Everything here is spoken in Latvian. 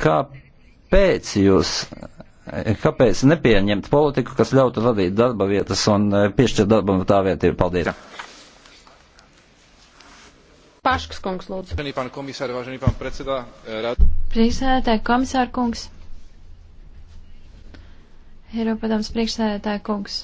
Kāpēc jūs, kāpēc nepieņemt politiku, kas ļautu radīt darba vietas un e, piešķirt darbam tā vietību? Paldies! Paškas kungs, lūdzu. E, priekšsēdētāji komisāra kungs. Eiropadams priekšsēdētāji kungs.